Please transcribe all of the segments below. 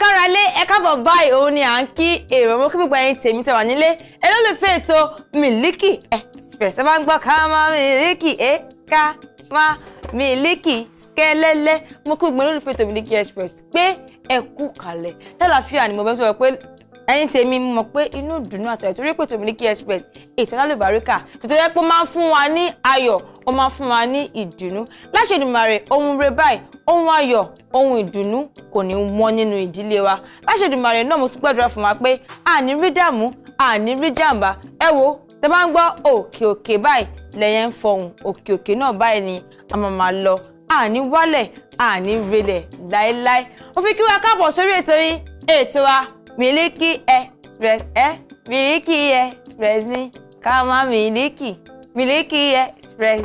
kára lé ẹ káàbọ̀ báyìí òun ni à ń kí èrò ọmọ kíkọ́ ẹyin tèmi tẹwà nílé ẹ ló lè fẹ́ Miliki Express ẹ bá ń gbọ́ ká máa Miliki ẹ ká máa Miliki kẹ́lẹ́lẹ́ mo kí gbogbo olólùfẹ́ ètò Miliki Express pé ẹ kú kalẹ̀ lálàáfíà ni mo bẹ́ sọ̀rọ̀ pé ẹ̀yin tèmi mọ̀ pé inú ìdùnnú àtọ̀yẹ̀ torí pé Miliki Express ètò alálùbáríkà tòtò yẹ pé ó máa ń fún wa ní ayọ̀ ó máa ń fún wa ní ìdùnnú láṣẹ Èdùmàrè ohun rere báyìí ohun ayọ̀ ohun ìdùnnú kò ní wọ́n nínú ìdílé wa láṣẹ Èdùmàrè náà mo tún gbàdúrà fún wa pé àní rí dààmú àní rí jàǹbá ẹ wo tẹ bá ń gbọ́ òkè òkè báyìí lẹ́yìn fọhùn òkè òkè náà báyìí ni a máa máa lọ àní wálẹ̀ àní relẹ̀ láéláé mo kí wa káàbọ̀ sórí ètò yín ètò wa Miliki Express ẹ eh? Miliki Express ni kama má miliki Miliki Express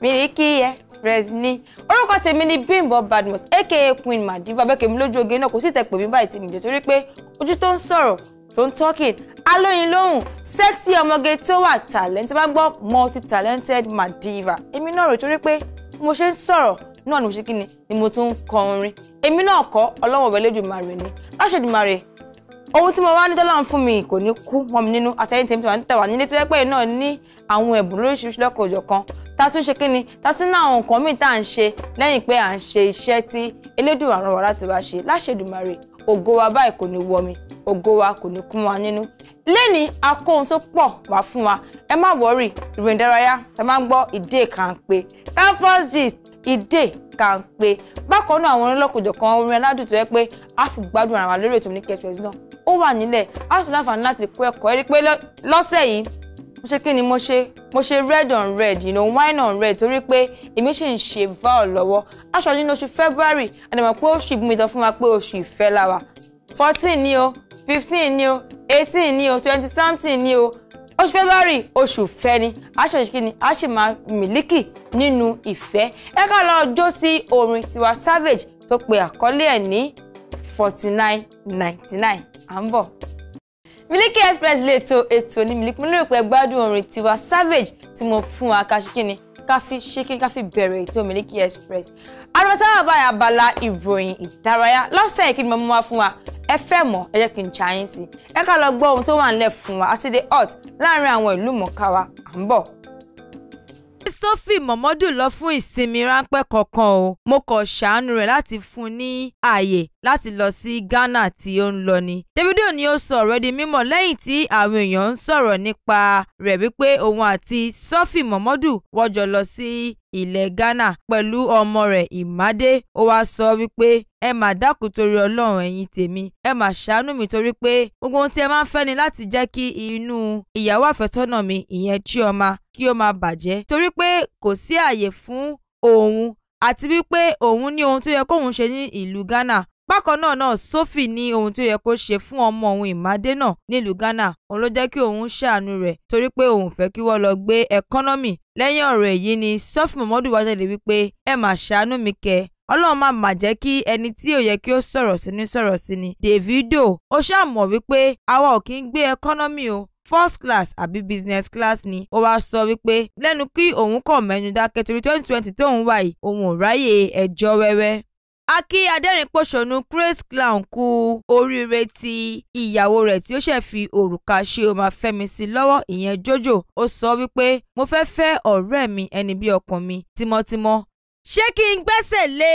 Miliki Express ni orúkọ tèmi ni Bimbo Badmus aka Queen Madiva bẹ́ẹ̀ kèmi lójú oge náà kò sì tẹ pèmí báyìí tí mi jẹ́ torí pé ojú tó ń sọ̀rọ̀ tó ń talking alóyin lóhùn sexy ọmọge tó wà talent bá gbọ́ multi talented Madiva èmi náà rò torí pé mo ṣe ń sọ̀rọ̀ náà ni mo ṣe kí ni ni mo tún ń kọ èmi náà kọ́ ọlọ́wọ́ ọ̀bẹ lójú màrè ni láṣẹ ohun tí mo wá ní tọ́lá ń fún mi kò ní kú mọ́ mi nínú àtẹ̀yìn tèmi tí wọ́n ń tẹ̀wá nílé tó yẹ pé náà ní àwọn ẹ̀bùn lóríṣiríṣi lọ́kọ̀ òjọ̀ kan ta tún ṣe kí ni ta tún ní àwọn nǹkan míì tá à ń ṣe lẹ́yìn pé à ń ṣe iṣẹ́ tí elédùn àrùn wàrà ti wá ṣe láṣẹ̀dùmarè ògo wa báyìí kò ní wọmi ògo wa kò ní kún wa nínú. lẹ́ni akóhun tó pọ̀ wá fún wa ẹ má worry, ìròyìn ìdárayá ẹ má ide ìdè kàǹpé campus gist ìdè kàǹpé bákan náà àwọn onílọ́kùnjọ̀ kan orin aládùn to yẹ pé a sì gbádùn ara wa lórí ètò ní ni express náà ó wà nílẹ̀ a sì láǹfààní láti kó ẹ̀kọ́ ẹ rí pé lọ́sẹ̀ yìí mo ṣe kí ni mo ṣe mo ṣe red on red you know wine on red torí pé èmi sì ń ṣe val lọ́wọ́ aṣojú ní oṣù february àdàmọ̀ pé oṣù ìbùnmi tán fún wa pé oṣù ìfẹ́ la wà fourteen ni o fifteen ni o eighteen ni o twenty something ni o oṣù february oṣù ìfẹ́ ni aṣojú kí ni a sì máa mílíkì nínú ìfẹ́ ẹ ká lọ jó sí orin Tiwa Savage tó pe àkọlé ẹ̀ ní forty nine ninety nine à ń bọ̀. Miliki Express lè to ètò ní Miliki mo lérò pé gbádùn orin tiwa Savage tí mo fún wa ká ṣe kí ká fi ṣe ká fi bẹ̀rẹ̀ ètò Miliki Express arọ́tàwà báyà abala ìròyìn ìdárayá lọ́sẹ̀ yìí kí ni mo mú wá fún wa ẹ fẹ́ mọ̀ ẹ jẹ́ kí n ṣá yín sí ẹ ká lọ gbọ́ ohun tó wà nílẹ̀ fún wa àti the hot láàrin àwọn ìlú mọ̀ọ́ká wa à ń bọ̀. Sophie Momodu lọ fún ìsinmi ráńpẹ́ kankan o mo kàn ṣàánú rẹ̀ láti fún ní ààyè láti lọ sí Ghana tí ó ń lọ ni. Davido ni ó sọ ọ̀rọ̀ di mímọ̀ lẹ́yìn tí àwọn èèyàn ń sọ̀rọ̀ nípa rẹ̀ wípé òun àti Sọ́fì Mọ̀mọ́dù wọ́n jọ lọ sí ilẹ̀ Ghana pẹ̀lú ọmọ rẹ̀ Ìmádé ó wá sọ wípé ẹ mà dákun torí Ọlọ́run ẹ̀yin tèmi ẹ mà ṣàánú mi torí pé gbogbo ohun tí ẹ máa ń fẹ́ ni láti jẹ́ kí inú ìyàwó àfẹ́sọ́nà mi ìyẹn Chioma kí ó máa bàjẹ́ torí pé kò sí àyè fún òun àti wípé òun ní ohun tó yẹ kóun ṣe ní ìlú Ghana bákan náà náà Sophie ní ohun tí ó yẹ kó ṣe fún ọmọ òun Ìmàdé náà nílùú Ghana òun ló jẹ́ kí òun ṣàánú rẹ̀ torí pé òun fẹ́ kí wọ́n lọ gbé ẹkọ́nọ́mì lẹ́yìn ọ̀rọ̀ èyí ni Sophie Muhammadu wá jáde wípé ẹ mà ṣàánú mi kẹ́ ọlọ́run máa mà jẹ́ kí ẹni tí ò yẹ kí ó sọ̀rọ̀ sí ní sọ̀rọ̀ sí ni Davido ó ṣàmọ̀ wípé àwa ò kí ń gbé ẹkọ́nọ́mì o first class àbí business class ni ó wáá sọ wípé lẹ́nu kí òun kọ̀ mẹ́nu dákẹ́ torí twenty twenty tóun wà yìí òun ò ráyè ẹjọ́ wẹ́wẹ́ Aki kí adẹ́rìnpòṣónú Chris Clown kú oríire ti ìyàwó rẹ̀ tí ó ṣẹ̀ fi òrùka ṣe ó máa sí lọ́wọ́ ìyẹn Jojo ó sọ wípé mo fẹ́ fẹ́ ọ̀rẹ́ mi ẹni bí ọkàn mi tímọ́tímọ́ ṣé kí n gbẹ́sẹ̀ lé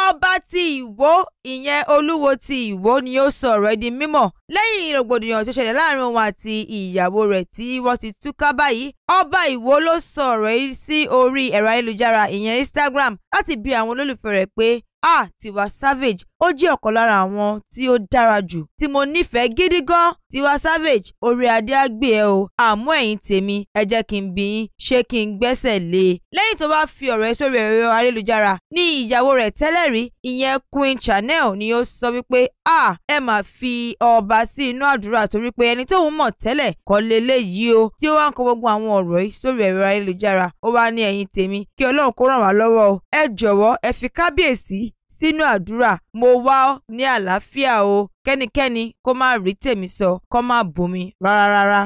ọba ti ìwó ìyẹn olúwo ti ìwó ni ó sọ ọ̀rọ̀ di mímọ̀ lẹ́yìn rògbòdìyàn tó ṣẹlẹ̀ láàrin òun àti ìyàwó rẹ̀ tí wọ́n ti túká báyìí ọba ìwó ló sọ ọ̀rọ̀ yìí sí orí ẹ̀rọ ayélujára ìyẹn Instagram láti bi àwọn olólùfẹ́ rẹ̀ pé A ah, Tiwa Savage ó jẹ́ ọ̀kan lára àwọn tí ó dára jù tí mo nífẹ̀ẹ́ gidi gan Tiwa Savage orí adé á ẹ o àmọ́ ẹ̀yin tèmi ẹ jẹ́ kí n bi yín ṣé kí n gbẹ́sẹ̀ lé e. lẹ́yìn tó bá fi ọ̀rọ̀ ẹ sórí ẹ̀rọ ayélujára ní ìyàwó rẹ̀ tẹ́lẹ̀ rí ìyẹn Queen Chanel ni ó sọ wípé a ẹ mà fi ọba sí inú àdúrà torí pé ẹni tóun mọ̀ tẹ́lẹ̀ kọ́ leléyìí o tí ó wá ń kọ gbogbo àwọn ọ̀rọ̀ yìí sórí ẹ̀rọ ayélujára ó wá ní ẹ̀yin tèmi kí Ọlọ́run kó ràn wá lọ́wọ́ o ẹ jọ̀wọ́ ẹ fi kábíyèsí sínú àdúrà mo wá ní àlàáfíà o kẹ́nikẹ́ni kó má rí tèmi sọ kó má bomi rárá.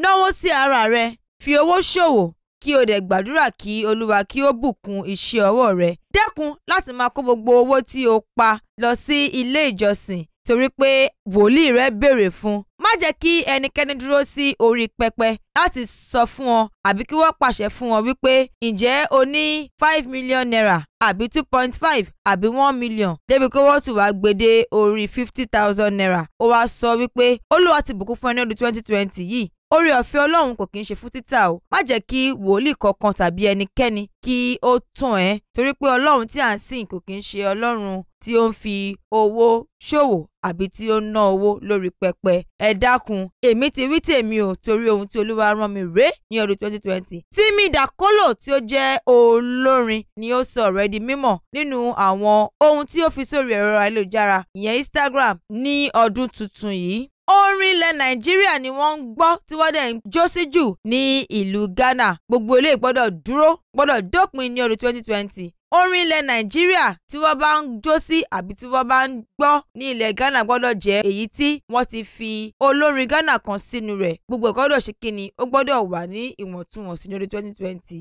náwó sí ara rẹ fi owó ṣòwò kí o dẹ̀ gbàdúrà kí olúwa kí ó bùkún iṣẹ́ ọwọ́ rẹ dẹ́kun láti máa kó gbogbo owó tí o pa lọ sí ilé ìjọsìn torí pé wòlíì rẹ béèrè fún jẹ́ kí ẹnikẹ́ni dúró sí orí pẹpẹ láti sọ fún ọ àbí kí wọ́n pàṣẹ fún ọ wípé ǹjẹ́ o ní five million naira àbí two point five àbí one million débi pé wọ́n tún wá gbèdé orí fifty thousand naira ó wá sọ wípé olúwa bùkún fún ẹ ọdún twenty twenty yìí oore ọ̀fẹ́ ọlọ́run kò kí ń ṣe fún títà o má jẹ́ kí wòlíì kankan tàbí ẹnikẹ́ni kí ó tàn ẹ́ torí pé ọlọ́run tí à ń sìn kò kí ń ṣe ọlọ́run tí ó ń fi owó ṣòwò àbí tí ó ń ná owó lórí pẹpẹ ẹ dákun èmi ti wí tèmi o torí ohun tí olúwa rán mi rè ní ọdún 2020 Timi Dakolo tí ó jẹ́ olórin ni ó sọ ọ̀rọ̀ di mímọ̀ nínú àwọn ohun tí ó fi sórí ẹ̀rọ ayélujára ìyẹn Instagram ní ọdún tuntun yìí orin ilẹ̀ nàìjíríà ni wọ́n ń gbọ́ tí wọ́n dẹ̀ ń jó sí jù ní ìlú ghana gbogbo ilé gbọ́dọ̀ dúró gbọ́dọ̀ dópin ní ọdún twenty twenty orin ilẹ̀ nàìjíríà tí wọ́n bá ń jó sí àbí tí wọ́n bá ń gbọ́ ní ilẹ̀ ghana gbọ́dọ̀ jẹ́ èyí tí wọ́n ti fi olórin ghana kan sínú rẹ̀ gbogbo ẹ̀ ṣe kíni ó gbọ́dọ̀ wà ní ìwọ̀ntúnwọ̀nsí ní ọdún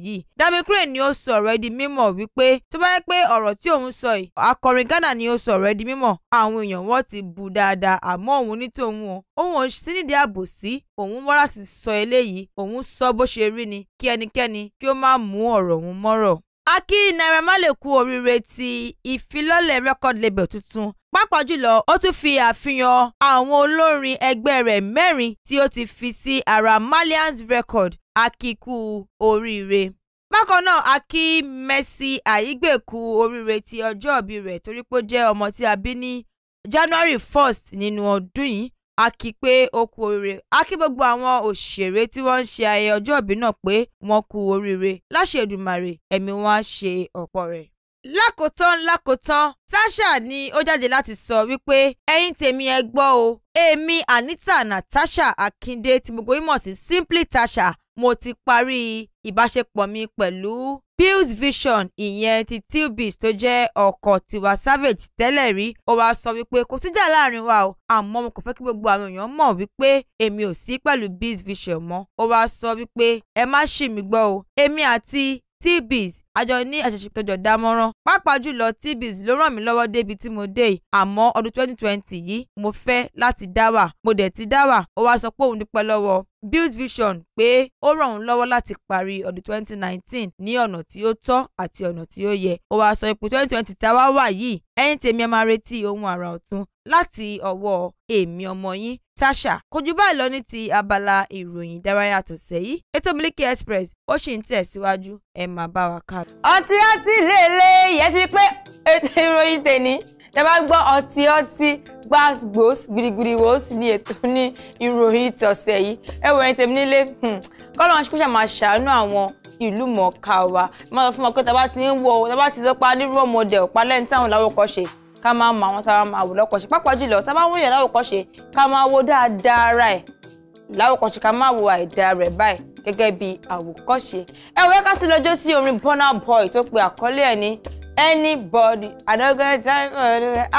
yìí. dami crane ni ó sọ ọ̀rọ̀ di mímọ̀ wípé tó bá yẹ pé ọ̀rọ̀ tí òun sọ yìí akọrin ghana ni ó sọ ọ̀rọ̀ di mímọ̀ àwọn èèyàn wọn ti bu dáadáa àmọ́ òun ní tòun o òun ò sí nídìí àbòsí òun wọ́n láti Aki kí Naira Marley kú oríire ti ìfilọ́lẹ̀ record label tuntun pàápàá jùlọ ó tún fi àfihàn àwọn olórin ẹgbẹ́ rẹ̀ mẹ́rin tí ó ti fi sí ara Marlians record akíkú oríire bákan náà a kí Mercy Aigbe kú oríire ti ọjọ́ ìbí rẹ̀ torí pé ó jẹ́ ọmọ tí a bí ní January 1st nínú ọdún yìí a kì í pé ó kú oríire a kí gbogbo àwọn òṣèré tí wọ́n ń ṣe ayẹyẹ ọjọ́ ìbí náà pé wọ́n kú oríire láṣẹ ẹ̀mí wọn á ṣe ọ̀pọ̀ rẹ̀ lákòótán lákòótán Tasha ni ó jáde láti sọ wípé ẹ̀yin tèmi ẹ gbọ́ o èmi Anita Natasha Akinde ti gbogbo yín mọ̀ sí Simply Tasha mo ti parí ìbáṣepọ̀ mi pẹ̀lú Bill's Vision ìyẹn ti T-Biz tó jẹ́ ọkọ̀ Tiwa Savage tẹ́lẹ̀ rí ó wá sọ wípé kò síjà láàrin wa o àmọ́ mo kò fẹ́ kí gbogbo àwọn èèyàn mọ̀ wípé èmi ò sí pẹ̀lú Bill's Vision mọ́ ó wá sọ wípé ẹ má ṣì mí gbọ́ o èmi àti tbs àjọ ní àṣẹṣetọjọ dámọ̀ràn pàápàá jùlọ tbs ló ràn mí lọ́wọ́ débi tí mo dé yìí àmọ́ ọdún 2020 yìí mo fẹ́ láti dá wà mo dẹ̀ ti dá wà ó wá sọ pé òun dúpẹ́ lọ́wọ́ Bill's vision pé ó ràn òun lọ́wọ́ láti parí ọdún 2019 ní ọ̀nà tí ó tọ́ àti ọ̀nà tí ó yẹ. ó wáá sọ ipò 2020 tá a wá wà yìí ẹ̀yìn tèmi ẹ máa retí ohun àrà ọ̀tun láti ọwọ́ èmi ọmọ yín Tasha kojú báyìí lọ ní ti abala ìròyìn ìdárayá tọ̀sẹ̀ yìí ètò Miliki Express ó sì ń tẹ̀síwájú ẹ máa bá wa ká. ọtí ọtí lèlè yẹn ti pé ètò ìròyìn tèmi tẹ bá gbọ́ ọtí ọtí gbàgbós gbìdìgbìdì wo sì ni ètò ní ìròyìn tọ̀sẹ̀ yìí ẹ wọ ẹyin tèmi nílé hmm. kọ́lọ́ wọn ṣe máa ṣàánú àwọn ìlú mọ̀ọ́ká wa máa sọ fún wọn pé tá a bá ti ń wo tá a bá ti sọ pa nírú ọmọdé ọ̀pá lẹ́yìn táwọn láwọn kọ́ ṣe ká máa mọ àwọn tá a máa wò lọ́kọ̀ọ́ṣe pápá jùlọ tá a bá wọ́n yàn láwòkọ́ṣe ká máa wo dáadáa ara ẹ̀ láwòkọ́ṣe ká máa wo àìdá rẹ̀ báyìí gẹ́gẹ́ bí àwòkọ́ṣe. ẹ wẹ́ ká sí lọ́jọ́ sí orin Burna Boy tó pe àkọ́lé ẹ̀ ní anybody adogun time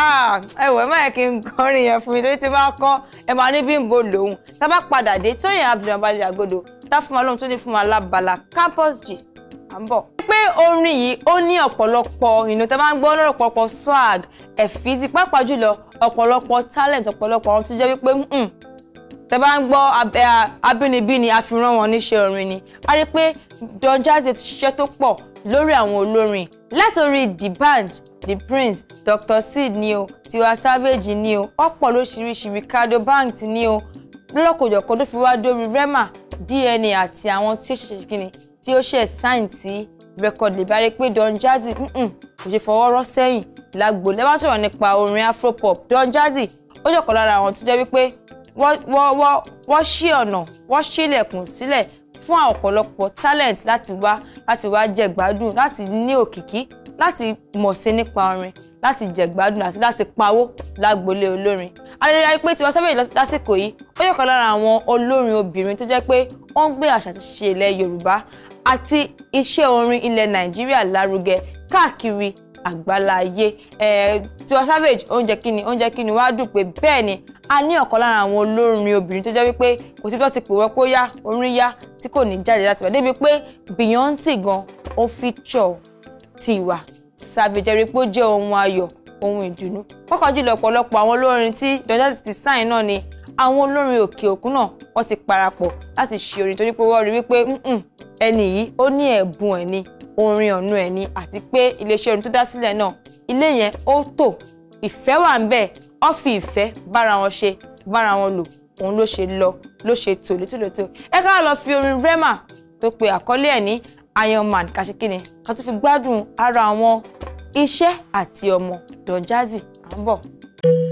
ah ẹ wẹ̀ máa kí n kọrin yẹn fún mi torí tí bá kọ́ ẹ máa ní Bímbọ́ lòun tá a bá padà dé Tóyìn Abdul Abalẹ̀ Àgọ́dọ̀ tá a fún lóhun tó ní fún wa lábala campus gist à ń bọ̀. pé orin yìí ó ní ọ̀pọ̀lọpọ̀ ìnú tẹ́ bá ń gbọ́ lọ́rọ̀ pọ̀pọ̀ swag ẹ̀fíìsì pàápàá jùlọ ọ̀pọ̀lọpọ̀ talent ọ̀pọ̀lọpọ̀ àwọn tó jẹ́ wípé hmm, tẹ́ bá ń gbọ́ eh, abínibí ni àfihàn wọn níṣẹ́ orin ni a rí i pé Don Jazzy ti ṣiṣẹ́ tó pọ̀ lórí àwọn olórin látòrí D'banj The Prince Dr. Seed ni o Tiwa Savage ni o ọ̀pọ̀ lóṣìíríṣìí Ricardo Banks ni o lọ́kòjọ̀kọ́ tó fi wá dórí Rema DNA àti àwọn tí ó ṣẹ̀ṣẹ̀ kí ni tí ó ṣe sign sí record lè bá rí pé Don Jazzy kò ṣe fọwọ́ rọ́ sẹ́yìn lágbo lẹ́wọ́n sọ̀rọ̀ nípa orin afropop Don Jazzy ó jọ̀kan lára àwọn tó jẹ́ wípé wọ́n ṣí ọ̀nà wọ́n ṣílẹ̀kùn sílẹ̀ fún àwọn ọ̀pọ̀lọpọ̀ talent láti wá láti wá jẹ̀gbádùn láti ní òkìkí láti mọ̀ sí nípa orin láti jẹ̀gbádùn àti láti pawó lágbolé olórin. Adéyẹyẹ pé Tiwa Savage lásìkò yìí ó jọ̀kan lára àwọn olórin obìnrin tó jẹ́ pé wọ́n ń gbé àṣà àti ṣe ilẹ̀ Yorùbá àti iṣẹ́ orin ilẹ̀ nàìjíríà lárugẹ káàkiri àgbáláyé Tiwa Savage oúnjẹ kíni oúnjẹ kíni wàá dùn pé bẹ́ẹ̀ ni a ní ọ̀kan lára àwọn olórin obìnrin tó jẹ́ wípé kò sí tó ti pè wọ́n pé ó orin yá tí kò ní jáde láti wá débi pé Beyonce gan ó feature Tiwa Savage ẹ̀rí pé ó jẹ́ ohun ayọ̀ ohun ìdùnnú pọ́kànjú lọ́pọ̀lọpọ̀ àwọn olórin tí Don ti sign náà ni àwọn olórin òkè òkun náà wọ́n ti parapọ̀ láti ṣe orin torí pé wọ́n rí wípé ẹni yìí ó ní ẹ̀bùn ẹ̀ ni orin ọ̀nù ẹ̀ ni àti pé iléeṣẹ́ orin tó dá sílẹ̀ náà ilé yẹn ó tò ìfẹ́ wà ń bẹ̀ wọ́n fi ìfẹ́ bára wọn ṣe bára wọn lò òun ló ṣe lọ ló ṣe tò létòlétò ẹ ká lọ fi orin rema tó pe àkọlé ẹ̀ ní iron man kàṣekínni ká tó fi gbádùn ara àwọn iṣẹ́ àti ọmọ Don Jazzy à